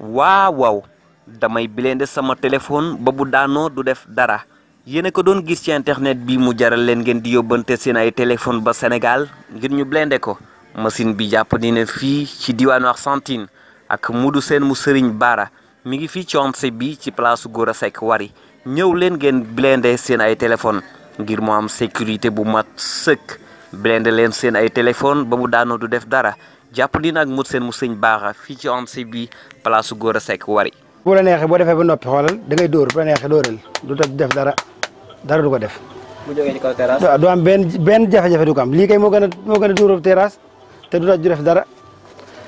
waaw waaw damay blindé sama téléphone ba bu daanoo du def dara yéen a ko doon gis ci internet bi mu jaral leen ngeen di yóbbante seen ay téléphone ba Sénégal ngir ñu blindé ko machine bi jàpp ni ne fii ci diwaanu Argentine ak mu du seen mu Serigne Bara mi ngi fii conse bi ci place Gora Seck Wari ñëw leen ngeen blindé seen ay téléphone ngir mu am sécurité bu mat sëkk blende leen seen ay téléphone ba mu daanoo du def dara jàpp dina ak mut seen mu sëñ baaxa fii ci ONCB bi place Gora Seck Wari. bu la neexee boo defee ba noppi xoolal da ngay dóor bu la neexee dóoral du def dara dara du ko def. bu du am benn benn jafe-jafe du ko am lii kay moo gën a moo gën a dóoróob terrasse te du def dara.